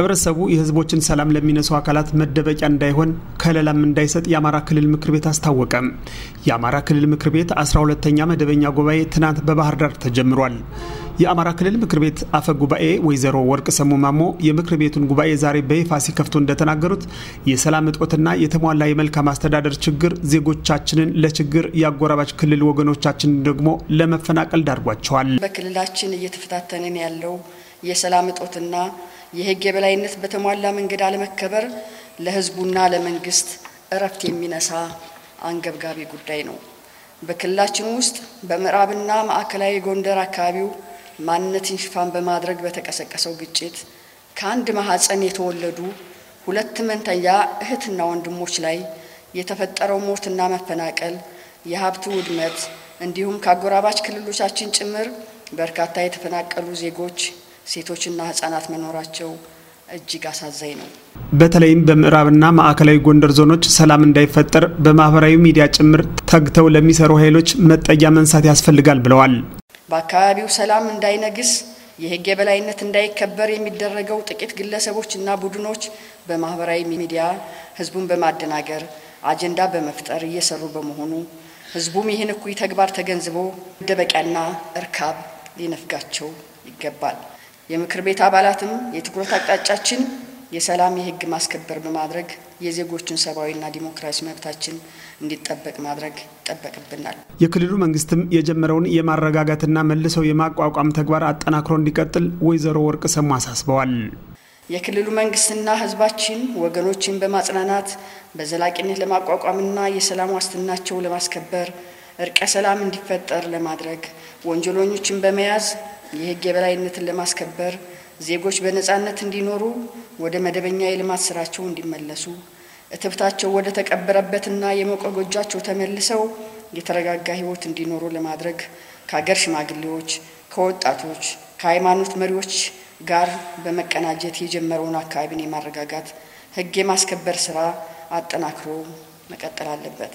ህብረተሰቡ የህዝቦችን ሰላም ለሚነሱ አካላት መደበቂያ እንዳይሆን ከለላም እንዳይሰጥ የአማራ ክልል ምክር ቤት አስታወቀም። የአማራ ክልል ምክር ቤት 12ተኛ መደበኛ ጉባኤ ትናንት በባህር ዳር ተጀምሯል። የአማራ ክልል ምክር ቤት አፈ ጉባኤ ወይዘሮ ወርቅ ሰሙ ማሞ የምክር ቤቱን ጉባኤ ዛሬ በይፋ ሲከፍቱ እንደተናገሩት የሰላም እጦትና የተሟላ የመልካም አስተዳደር ችግር ዜጎቻችንን ለችግር የአጎራባች ክልል ወገኖቻችንን ደግሞ ለመፈናቀል ዳርጓቸዋል። በክልላችን እየተፈታተንን ያለው የሰላም እጦትና የህግ የበላይነት በተሟላ መንገድ አለመከበር ለህዝቡና ለመንግስት እረፍት የሚነሳ አንገብጋቢ ጉዳይ ነው። በክልላችን ውስጥ በምዕራብና ማዕከላዊ ጎንደር አካባቢው ማንነትን ሽፋን በማድረግ በተቀሰቀሰው ግጭት ከአንድ ማህፀን የተወለዱ ሁለት መንተያ እህትና ወንድሞች ላይ የተፈጠረው ሞትና መፈናቀል፣ የሀብት ውድመት እንዲሁም ከአጎራባች ክልሎቻችን ጭምር በርካታ የተፈናቀሉ ዜጎች ሴቶችና ህጻናት መኖራቸው እጅግ አሳዛኝ ነው። በተለይም በምዕራብና ማዕከላዊ ጎንደር ዞኖች ሰላም እንዳይፈጠር በማህበራዊ ሚዲያ ጭምር ተግተው ለሚሰሩ ኃይሎች መጠጊያ መንሳት ያስፈልጋል ብለዋል። በአካባቢው ሰላም እንዳይነግስ፣ የህግ የበላይነት እንዳይከበር የሚደረገው ጥቂት ግለሰቦች እና ቡድኖች በማህበራዊ ሚዲያ ህዝቡን በማደናገር አጀንዳ በመፍጠር እየሰሩ በመሆኑ ህዝቡም ይህን እኩይ ተግባር ተገንዝቦ መደበቂያና እርካብ ሊነፍጋቸው ይገባል። የምክር ቤት አባላትም የትኩረት አቅጣጫችን የሰላም የህግ ማስከበር በማድረግ የዜጎችን ሰብአዊና ዲሞክራሲ መብታችን እንዲጠበቅ ማድረግ ይጠበቅብናል። የክልሉ መንግስትም የጀመረውን የማረጋጋትና መልሰው የማቋቋም ተግባር አጠናክሮ እንዲቀጥል ወይዘሮ ወርቅ ሰሙ አሳስበዋል። የክልሉ መንግስትና ህዝባችን ወገኖችን በማጽናናት በዘላቂነት ለማቋቋምና የሰላም ዋስትናቸው ለማስከበር እርቀ ሰላም እንዲፈጠር ለማድረግ ወንጀለኞችን በመያዝ የህግ የበላይነትን ለማስከበር ዜጎች በነፃነት እንዲኖሩ ወደ መደበኛ የልማት ስራቸው እንዲመለሱ እትብታቸው ወደ ተቀበረበትና የመቆጎጃቸው ተመልሰው የተረጋጋ ህይወት እንዲኖሩ ለማድረግ ከሀገር ሽማግሌዎች፣ ከወጣቶች፣ ከሃይማኖት መሪዎች ጋር በመቀናጀት የጀመረውን አካባቢን የማረጋጋት ህግ የማስከበር ስራ አጠናክሮ መቀጠል አለበት።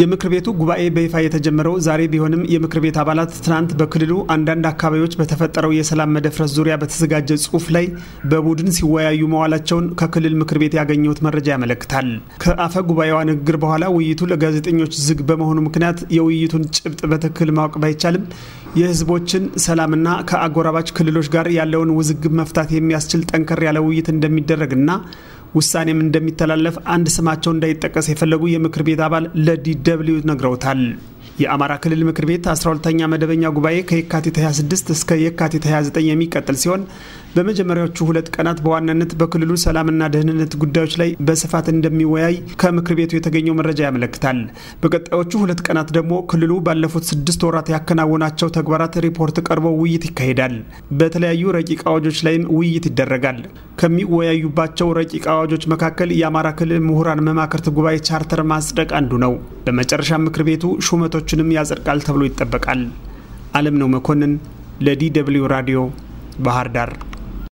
የምክር ቤቱ ጉባኤ በይፋ የተጀመረው ዛሬ ቢሆንም የምክር ቤት አባላት ትናንት በክልሉ አንዳንድ አካባቢዎች በተፈጠረው የሰላም መደፍረስ ዙሪያ በተዘጋጀ ጽሑፍ ላይ በቡድን ሲወያዩ መዋላቸውን ከክልል ምክር ቤት ያገኘሁት መረጃ ያመለክታል። ከአፈ ጉባኤዋ ንግግር በኋላ ውይይቱ ለጋዜጠኞች ዝግ በመሆኑ ምክንያት የውይይቱን ጭብጥ በትክክል ማወቅ ባይቻልም የሕዝቦችን ሰላምና ከአጎራባች ክልሎች ጋር ያለውን ውዝግብ መፍታት የሚያስችል ጠንከር ያለ ውይይት እንደሚደረግና ውሳኔም እንደሚተላለፍ አንድ ስማቸው እንዳይጠቀስ የፈለጉ የምክር ቤት አባል ለዲደብሊው ነግረውታል። የአማራ ክልል ምክር ቤት 12ኛ መደበኛ ጉባኤ ከየካቲት 26 እስከ የካቲት 29 የሚቀጥል ሲሆን በመጀመሪያዎቹ ሁለት ቀናት በዋናነት በክልሉ ሰላምና ደህንነት ጉዳዮች ላይ በስፋት እንደሚወያይ ከምክር ቤቱ የተገኘው መረጃ ያመለክታል። በቀጣዮቹ ሁለት ቀናት ደግሞ ክልሉ ባለፉት ስድስት ወራት ያከናወናቸው ተግባራት ሪፖርት ቀርቦ ውይይት ይካሄዳል። በተለያዩ ረቂቅ አዋጆች ላይም ውይይት ይደረጋል። ከሚወያዩባቸው ረቂቅ አዋጆች መካከል የአማራ ክልል ምሁራን መማክርት ጉባኤ ቻርተር ማጽደቅ አንዱ ነው። በመጨረሻ ምክር ቤቱ ሹመቶችንም ያጸድቃል ተብሎ ይጠበቃል። አለም ነው መኮንን ለዲ ደብልዩ ራዲዮ ባህር ዳር